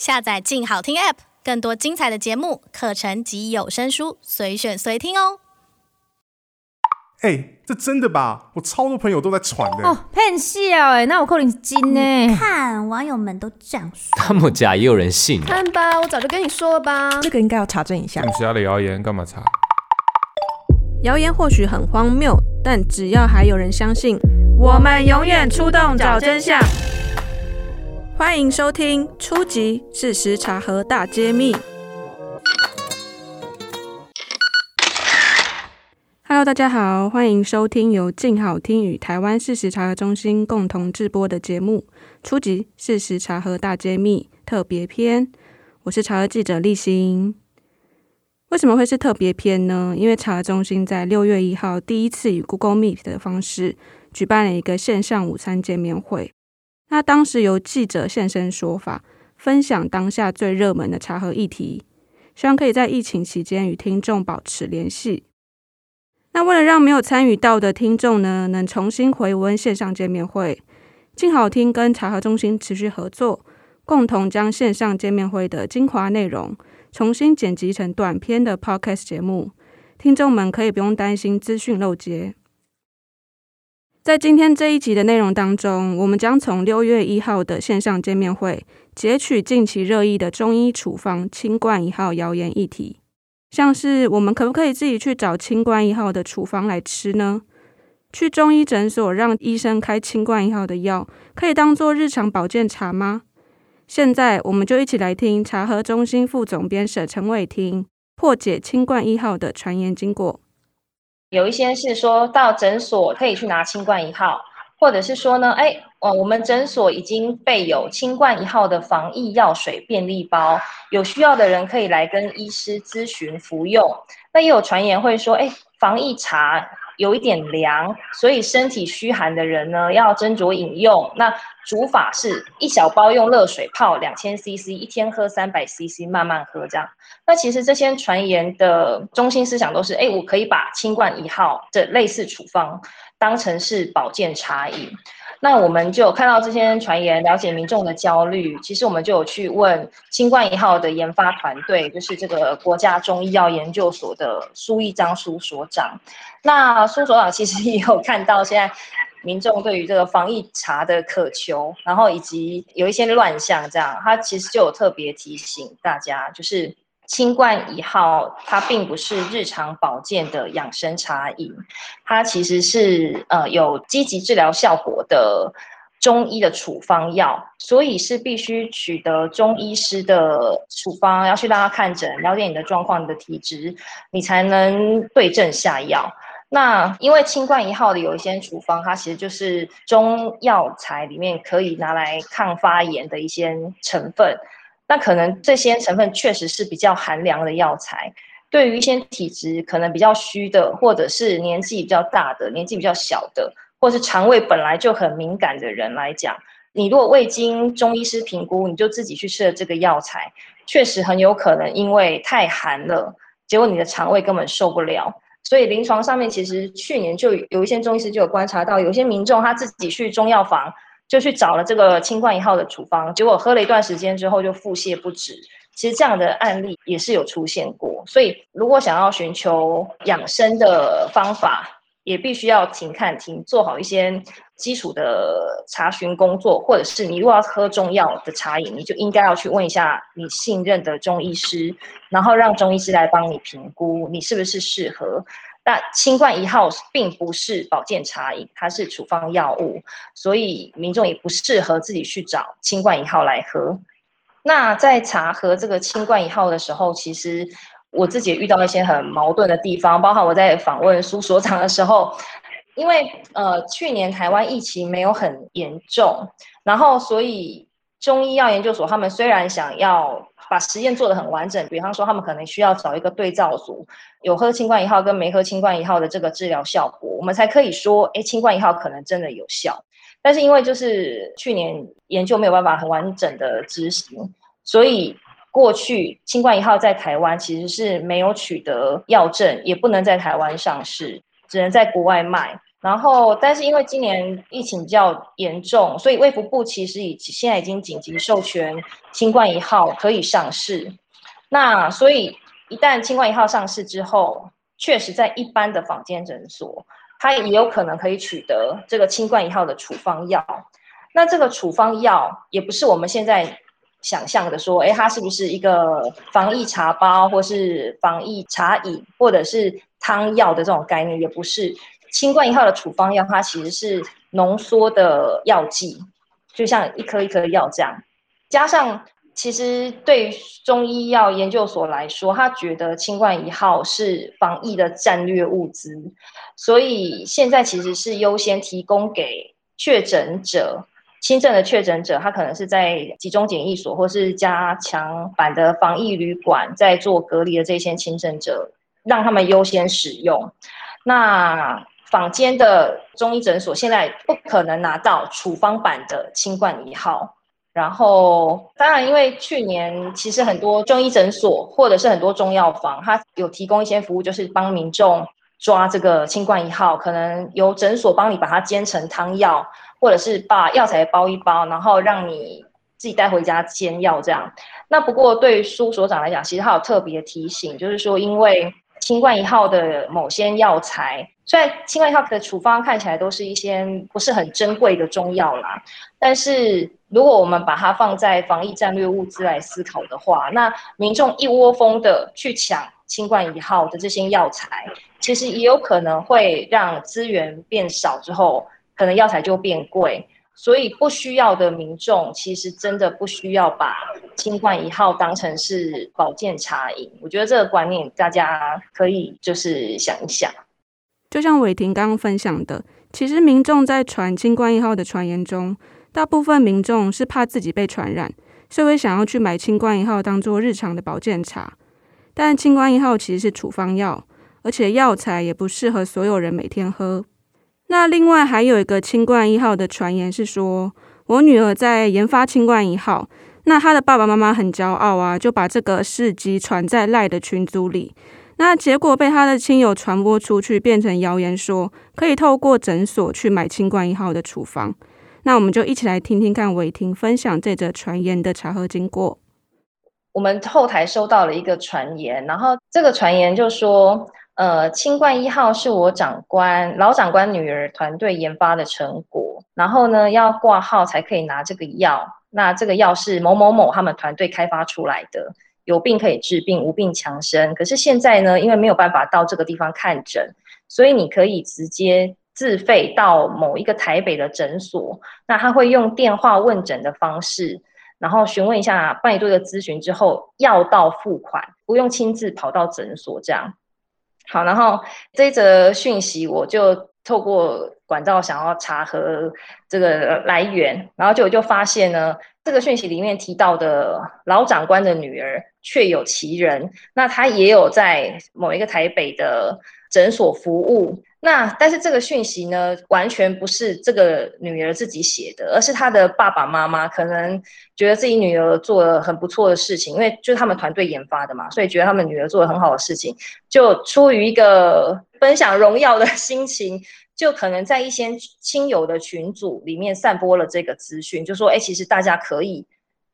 下載靜好聽 App，更多精彩的節目、課程及有聲書，隨選隨聽哦。哎、欸，這真的吧？我超多朋友都在傳的哦。騙笑哎，那我扣你金呢？看網友們都這樣說，他們假也有人信？看吧，我早就跟你說了吧。這個應該要查證一下。其他的謠言幹嘛查？謠言或許很荒謬，但只要還有人相信，我們永遠出動找真相。歡迎收聽《出擊！事實查核大揭密》。Hello，大家好，歡迎收聽由靜好聽與台灣事實查核中心共同製播的節目《出擊！事實查核大揭密》特別篇。我是查核記者立新。為什麼會是特別篇呢？因為查核中心在六月一號第一次以 Google Meet 的方式舉辦了一個線上午餐見面會。那當時由記者現身說法，分享當下最熱門的查核議題，希望可以在疫情期間與聽眾保持聯繫。那為了讓沒有參與到的聽眾呢，能重新回溫線上見面會，靜好聽跟查核中心持續合作，共同將線上見面會的精華內容重新剪輯成短篇的 podcast 節目，聽眾們可以不用擔心資訊漏接。在今天這一集的內容當中，我們將從六月一號的線上見面會截取近期熱議的中醫處方“清冠一號”謠言議題。像是我們可不可以自己去找“清冠一號”的處方來吃呢？去中醫診所讓醫生開“清冠一號”的藥，可以當做日常保健茶嗎？現在我們就一起來聽查核中心副總編審陳偉婷破解“清冠一號”的傳言經過。有一些是說到診所可以去拿清冠一號，或者是說呢，哎，哦，我們診所已經備有清冠一號的防疫藥水便利包，有需要的人可以來跟醫師諮詢服用。那也有傳言會說，哎，防疫茶。有一點涼，所以身體虛寒的人呢，要斟酌飲用。那煮法是一小包用熱水泡，兩千 CC，一天喝三百 CC，慢慢喝這樣。那其實這些傳言的中心思想都是，哎，我可以把清冠一號的類似處方當成是保健茶飲。那我們就看到這些傳言，了解民眾的焦慮。其實我們就有去問清冠一號的研發團隊，就是這個國家中醫藥研究所的蘇奕彰蘇所長。那蘇所長其實也有看到現在民眾對於這個防疫茶的渴求，然後以及有一些亂象這樣，他其實就有特別提醒大家，就是。清冠一號它並不是日常保健的養生茶飲，它其實是呃有積極治療效果的中醫的處方藥，所以是必須取得中醫師的處方，要去讓他看診，了解你的狀況你的體質，你才能對症下藥。那因為清冠一號的有一些處方，它其實就是中藥材裡面可以拿來抗發炎的一些成分。那可能這些成分確實是比較寒涼的藥材，對於一些體質可能比較虛的，或者是年紀比較大的、年紀比較小的，或是腸胃本來就很敏感的人來講，你如果未經中醫師評估，你就自己去吃了這個藥材，確實很有可能因為太寒了，結果你的腸胃根本受不了。所以臨床上面其實去年就有一些中醫師就有觀察到，有些民眾他自己去中藥房。就去找了這個清冠一號的處方，結果喝了一段時間之後就腹瀉不止。其實這樣的案例也是有出現過，所以如果想要尋求養生的方法，也必須要停看停，做好一些基礎的查詢工作，或者是你如果要喝中藥的茶飲，你就應該要去問一下你信任的中醫師，然後讓中醫師來幫你評估你是不是適合。那清冠一號並不是保健茶飲，它是處方藥物，所以民眾也不適合自己去找清冠一號來喝。那在查核這個清冠一號的時候，其實我自己也遇到一些很矛盾的地方，包括我在訪問蘇所長的時候，因為呃去年台灣疫情沒有很嚴重，然後所以中醫藥研究所他們雖然想要，把實驗做得很完整，比方說他們可能需要找一個對照組，有喝清冠一號跟沒喝清冠一號的這個治療效果，我們才可以說，哎，清冠一號可能真的有效。但是因為就是去年研究沒有辦法很完整的執行，所以過去清冠一號在台灣其實是沒有取得藥證，也不能在台灣上市，只能在國外賣。然後，但是因為今年疫情較嚴重，所以衛福部其實已現在已經緊急授權清冠一號可以上市。那所以一旦清冠一號上市之後，確實在一般的坊間診所，它也有可能可以取得這個清冠一號的處方藥。那這個處方藥也不是我們現在想象的說，誒，它是不是一個防疫茶包，或是防疫茶飲，或者是湯藥的這種概念，也不是。清冠一號的處方藥，它其實是濃縮的藥劑，就像一顆一顆的藥這樣。加上，其實對中醫藥研究所來說，他覺得清冠一號是防疫的戰略物資，所以現在其實是優先提供給確診者、輕症的確診者。他可能是在集中檢疫所或是加強版的防疫旅館，在做隔離的這些輕症者，讓他們優先使用。那坊間的中醫診所現在不可能拿到處方版的清冠一號。然後，當然，因為去年其實很多中醫診所或者是很多中藥房，它有提供一些服務，就是幫民眾抓這個清冠一號，可能由診所幫你把它煎成湯藥，或者是把藥材包一包，然後讓你自己帶回家煎藥這樣。那不過，對於蘇所長來講，其實他有特別的提醒，就是說，因為清冠一號的某些藥材。所以，雖然清冠一號的處方看起來都是一些不是很珍貴的中藥啦。但是，如果我們把它放在防疫戰略物資來思考的話，那民眾一窩蜂的去搶清冠一號的這些藥材，其實也有可能會讓資源變少之後，可能藥材就變貴。所以，不需要的民眾其實真的不需要把清冠一號當成是保健茶飲。我覺得這個觀念大家可以就是想一想。就像偉霆剛剛分享的，其實民眾在傳清冠一號的傳言中，大部分民眾是怕自己被傳染，所以會想要去買清冠一號當做日常的保健茶。但清冠一號其實是處方藥，而且藥材也不適合所有人每天喝。那另外還有一個清冠一號的傳言是說，我女兒在研發清冠一號，那她的爸爸媽媽很驕傲啊，就把這個事蹟傳在賴的群組裡。那結果被他的親友傳播出去，變成謠言說，說可以透過診所去買清冠一號的處方。那我們就一起來聽聽看偉霆分享這則傳言的查核經過。我們後台收到了一個傳言，然後這個傳言就說，呃，清冠一號是我長官老長官女兒團隊研發的成果，然後呢，要掛號才可以拿這個藥。那這個藥是某某某他們團隊開發出來的。有病可以治病，無病強身。可是現在呢，因為沒有辦法到這個地方看診，所以你可以直接自費到某一個台北的診所，那他會用電話問診的方式，然後詢問一下、啊，拜託的諮詢之後，藥到付款，不用親自跑到診所這樣。好，然後這一則訊息，我就透過管道想要查核這個來源，然後就我就發現呢，這個訊息裡面提到的老長官的女兒確有其人，那她也有在某一個台北的。診所服務，那但是這個訊息呢，完全不是這個女兒自己寫的，而是她的爸爸媽媽可能覺得自己女兒做了很不錯的事情，因為就是他們團隊研發的嘛，所以覺得他們女兒做了很好的事情，就出於一個分享榮耀的心情，就可能在一些親友的群組裡面散播了這個資訊，就說，哎、欸，其實大家可以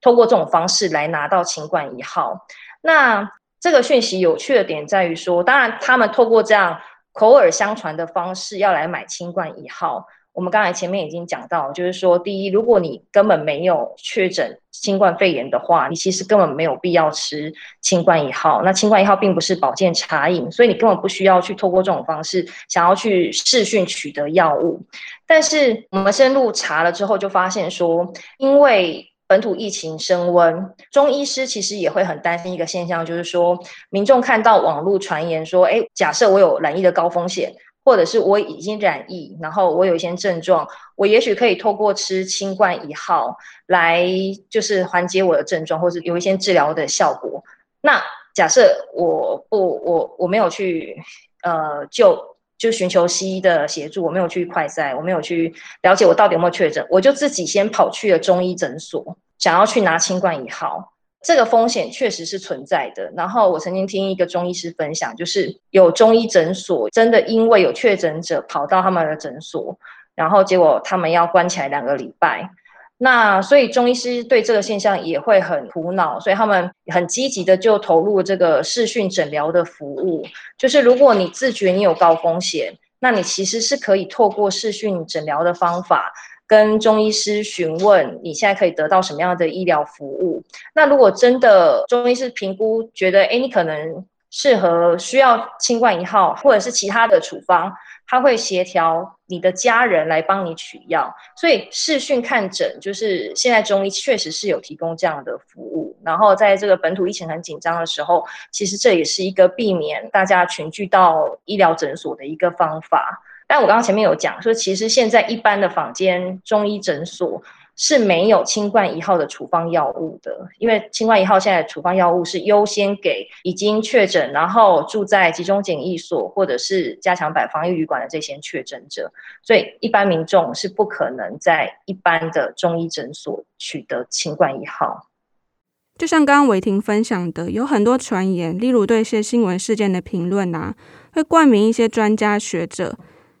通過這種方式來拿到清冠一號，那。這個訊息有趣的點在於說，當然他們透過這樣口耳相傳的方式要來買清冠一號。我們剛才前面已經講到，就是說，第一，如果你根本沒有確診新冠肺炎的話，你其實根本沒有必要吃清冠一號。那清冠一號並不是保健茶飲，所以你根本不需要去透過這種方式想要去視訊取得藥物。但是我們深入查了之後，就發現說，因為。本土疫情升溫，中醫師其實也會很擔心一個現象，就是說民眾看到網絡傳言說，誒，欸，假設我有染疫的高風險，或者是我已經染疫，然後我有一些症狀，我也許可以透過吃清冠一號來，就是緩解我的症狀，或者有一些治療的效果。那假設我不我我沒有去，呃，就。就尋求西醫的協助，我沒有去快篩，我沒有去了解我到底有沒有確診，我就自己先跑去了中醫診所，想要去拿清冠一號。這個風險確實是存在的。然後我曾經聽一個中醫師分享，就是有中醫診所真的因為有確診者跑到他們的診所，然後結果他們要關起來兩個禮拜。那所以中醫師對這個現象也會很苦惱，所以他們很積極的就投入這個視訊診療的服務。就是如果你自覺你有高風險，那你其實是可以透過視訊診療的方法，跟中醫師詢問你現在可以得到什麼樣的醫療服務。那如果真的中醫師評估覺得，哎、欸，你可能適合需要清冠一號或者是其他的處方。它會協調你的家人來幫你取藥，所以視訊看診就是現在中醫確實是有提供這樣的服務。然後在這個本土疫情很緊張的時候，其實這也是一個避免大家群聚到醫療診所的一個方法。但我剛剛前面有講說，其實現在一般的坊間中醫診所。是沒有清冠一號的處方藥物的，因為清冠一號現在處方藥物是優先給已經確診，然後住在集中檢疫所或者是加強版防疫旅館的這些確診者，所以一般民眾是不可能在一般的中醫診所取得清冠一號。就像剛剛偉霆分享的，有很多傳言，例如對一些新聞事件的評論啊，會冠名一些專家學者。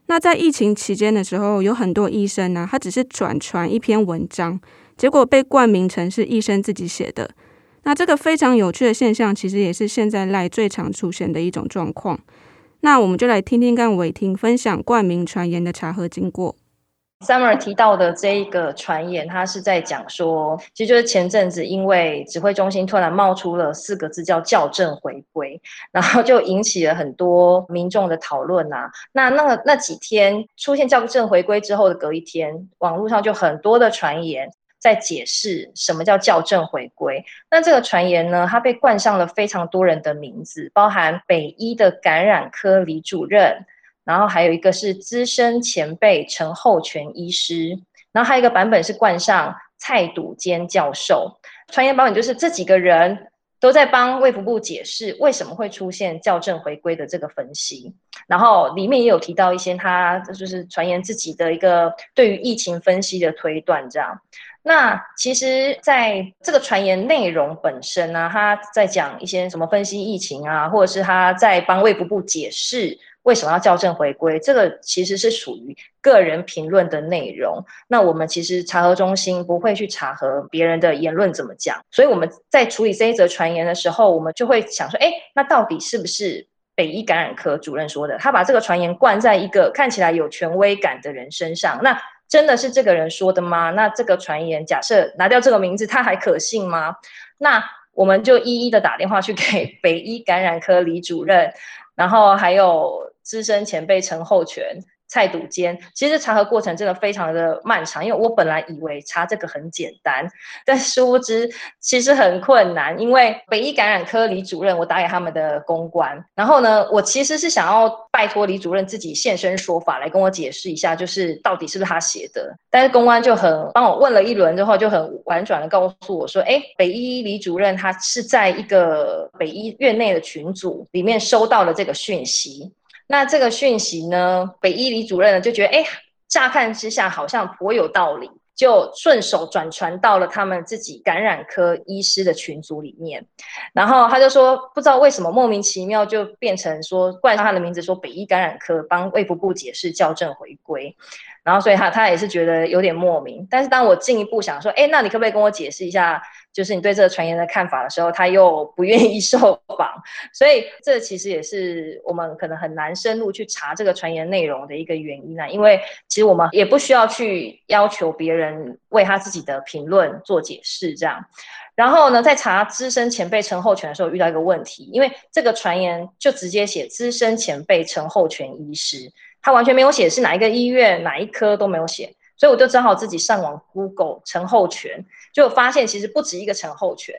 那在疫情期間的時候，有很多醫生呢、啊，他只是轉傳一篇文章，結果被冠名成是醫生自己寫的。那這個非常有趣的現象，其實也是現在賴最常出現的一種狀況。那我們就來聽聽看偉霆分享冠名傳言的查核經過。Summer 提到的這一個傳言，他是在講說，其實就是前陣子，因為指揮中心突然冒出了四個字叫“校正回歸”，然後就引起了很多民眾的討論啊。那那個、那幾天出現“校正回歸”之後的隔一天，網絡上就很多的傳言在解釋什麼叫“校正回歸”。那這個傳言呢，它被冠上了非常多人的名字，包含北醫的感染科李主任。然後還有一個是資深前輩陳厚全醫師，然後還有一個版本是冠上蔡篤堅教授。傳言版本就是這幾個人都在幫衛福部解釋為什麼會出現校正回歸的這個分析，然後裡面也有提到一些他就是傳言自己的一個對於疫情分析的推斷這樣。那其實在這個傳言內容本身呢，啊，他在講一些什麼分析疫情啊，或者是他在幫衛福部解釋。為什麼要校正回歸？這個其實是屬於個人評論的內容。那我們其實查核中心不會去查核別人的言論怎麼講。所以我們在處理這一則傳言的時候，我們就會想說：哎，那到底是不是北醫感染科主任說的？他把這個傳言灌在一個看起來有權威感的人身上，那真的是這個人說的嗎？那這個傳言假設拿掉這個名字，他還可信嗎？那我們就一一的打電話去給北醫感染科李主任，然後還有。資深前輩陳厚權、蔡篤堅，其實查核過程真的非常的漫長，因為我本來以為查這個很簡單，但殊不知其實很困難。因為北醫感染科李主任，我打給他們的公關，然後呢，我其實是想要拜托李主任自己現身說法來跟我解釋一下，就是到底是不是他寫的。但是公關就很幫我問了一輪之後，就很婉轉地告訴我說：“哎、欸，北醫李主任他是在一個北醫院內的群組裡面收到了這個訊息。”那這個訊息呢，北醫李主任呢就覺得，哎，乍看之下好像頗有道理，就順手轉傳到了他們自己感染科醫師的群組裡面，然後他就說，不知道為什麼莫名其妙就變成說，冠上他的名字說，說北醫感染科幫衛福部，部解釋校正回歸，然後所以他他也是覺得有點莫名，但是當我進一步想說，哎，那你可不可以跟我解釋一下？就是你對這個傳言的看法的時候，他又不願意受訪，所以這其實也是我們可能很難深入去查這個傳言內容的一個原因呢。因為其實我們也不需要去要求別人為他自己的評論做解釋，這樣。然後呢，在查資深前輩陳厚權的時候，遇到一個問題，因為這個傳言就直接寫資深前輩陳厚權醫師，他完全沒有寫是哪一個醫院、哪一科都沒有寫。所以我就只好自己上網 Google 陳厚全，就發現其實不止一個陳厚全，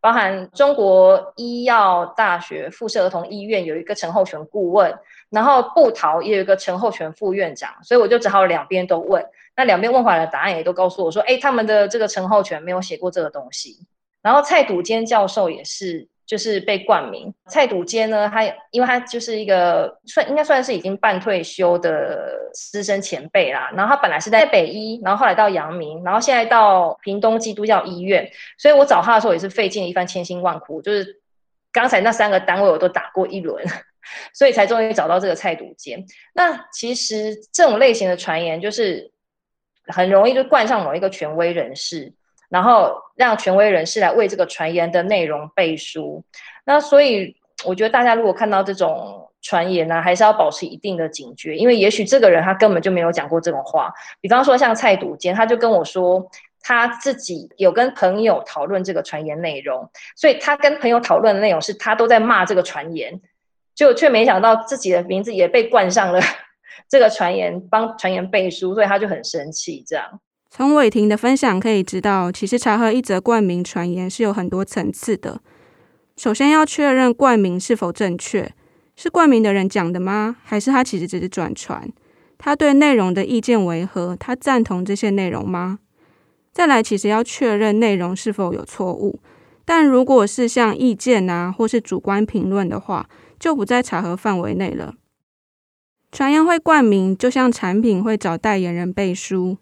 包含中國醫藥大學附設兒童醫院有一個陳厚全顧問，然後布桃也有一個陳厚全副院長，所以我就只好兩邊都問，那兩邊問回來的答案也都告訴我說，哎、欸，他們的這個陳厚全沒有寫過這個東西，然後蔡篤堅教授也是。就是被冠名蔡篤堅呢，他因為他就是一個算應該算是已經半退休的資深前輩啦。然後他本來是在北醫，然後後來到陽明，然後現在到屏東基督教醫院。所以我找他的時候也是費盡一番千辛萬苦，就是剛才那三個單位我都打過一輪，所以才終於找到這個蔡篤堅。那其實這種類型的傳言就是很容易就冠上某一個權威人士。然後讓權威人士來為這個傳言的內容背書，那所以我覺得大家如果看到這種傳言呢、啊，還是要保持一定的警覺，因為也許這個人他根本就沒有講過這種話。比方說像蔡篤堅，他就跟我說他自己有跟朋友討論這個傳言內容，所以他跟朋友討論的內容是他都在罵這個傳言，就卻沒想到自己的名字也被冠上了這個傳言，幫傳言背書，所以他就很生氣這樣。從偉婷的分享可以知道，其實查核一則冠名傳言是有很多層次的。首先要確認冠名是否正確，是冠名的人講的嗎？還是他其實只是轉傳？他對內容的意見為何？他贊同這些內容嗎？再來，其實要確認內容是否有錯誤。但如果是像意見啊，或是主觀評論的話，就不在查核範圍內了。傳言會冠名，就像產品會找代言人背書。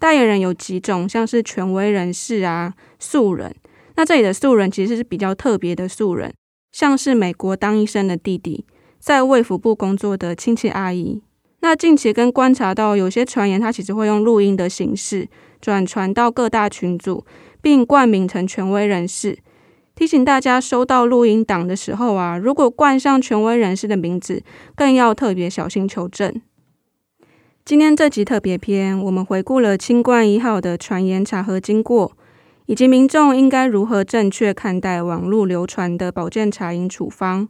代言人有幾種，像是權威人士啊、素人。那這裡的素人其實是比較特別的素人，像是美國當醫生的弟弟、在衛福部工作的親戚阿姨。那近期跟觀察到有些傳言，他其實會用錄音的形式轉傳到各大群組，並冠名成權威人士。提醒大家收到錄音檔的時候啊，如果冠上權威人士的名字，更要特別小心求證。今天這集特別篇，我們回顧了清冠一號的傳言查核經過，以及民眾應該如何正確看待網絡流傳的保健茶飲處方。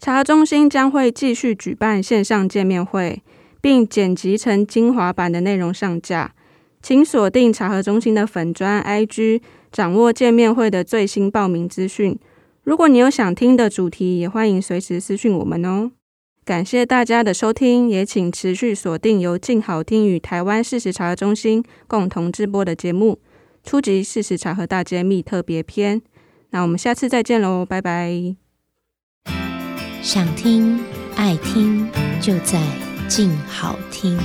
查核中心將會繼續舉辦線上見面會，並剪輯成精華版的內容上架。請鎖定查核中心的粉專 IG，掌握見面會的最新報名資訊。如果你有想聽的主題，也歡迎隨時私訊我們哦。感謝大家的收聽，也請持續鎖定由靜好聽與台灣事實查核中心共同製播的節目《出擊！事實查核大揭密》特別篇。那我們下次再見嘍，拜拜！想聽、愛聽，就在靜好聽。